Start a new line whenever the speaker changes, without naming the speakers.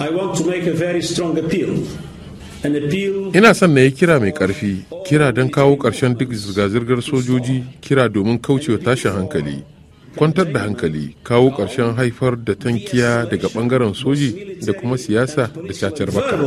I want to make a very strong appeal.
Ina son na yi kira mai ƙarfi, kira don kawo ƙarshen duk zirga-zirgar sojoji, kira domin kaucewa tashin hankali. Kwantar da hankali, kawo ƙarshen haifar da tankiya daga ɓangaren soji da kuma siyasa da cacar baka.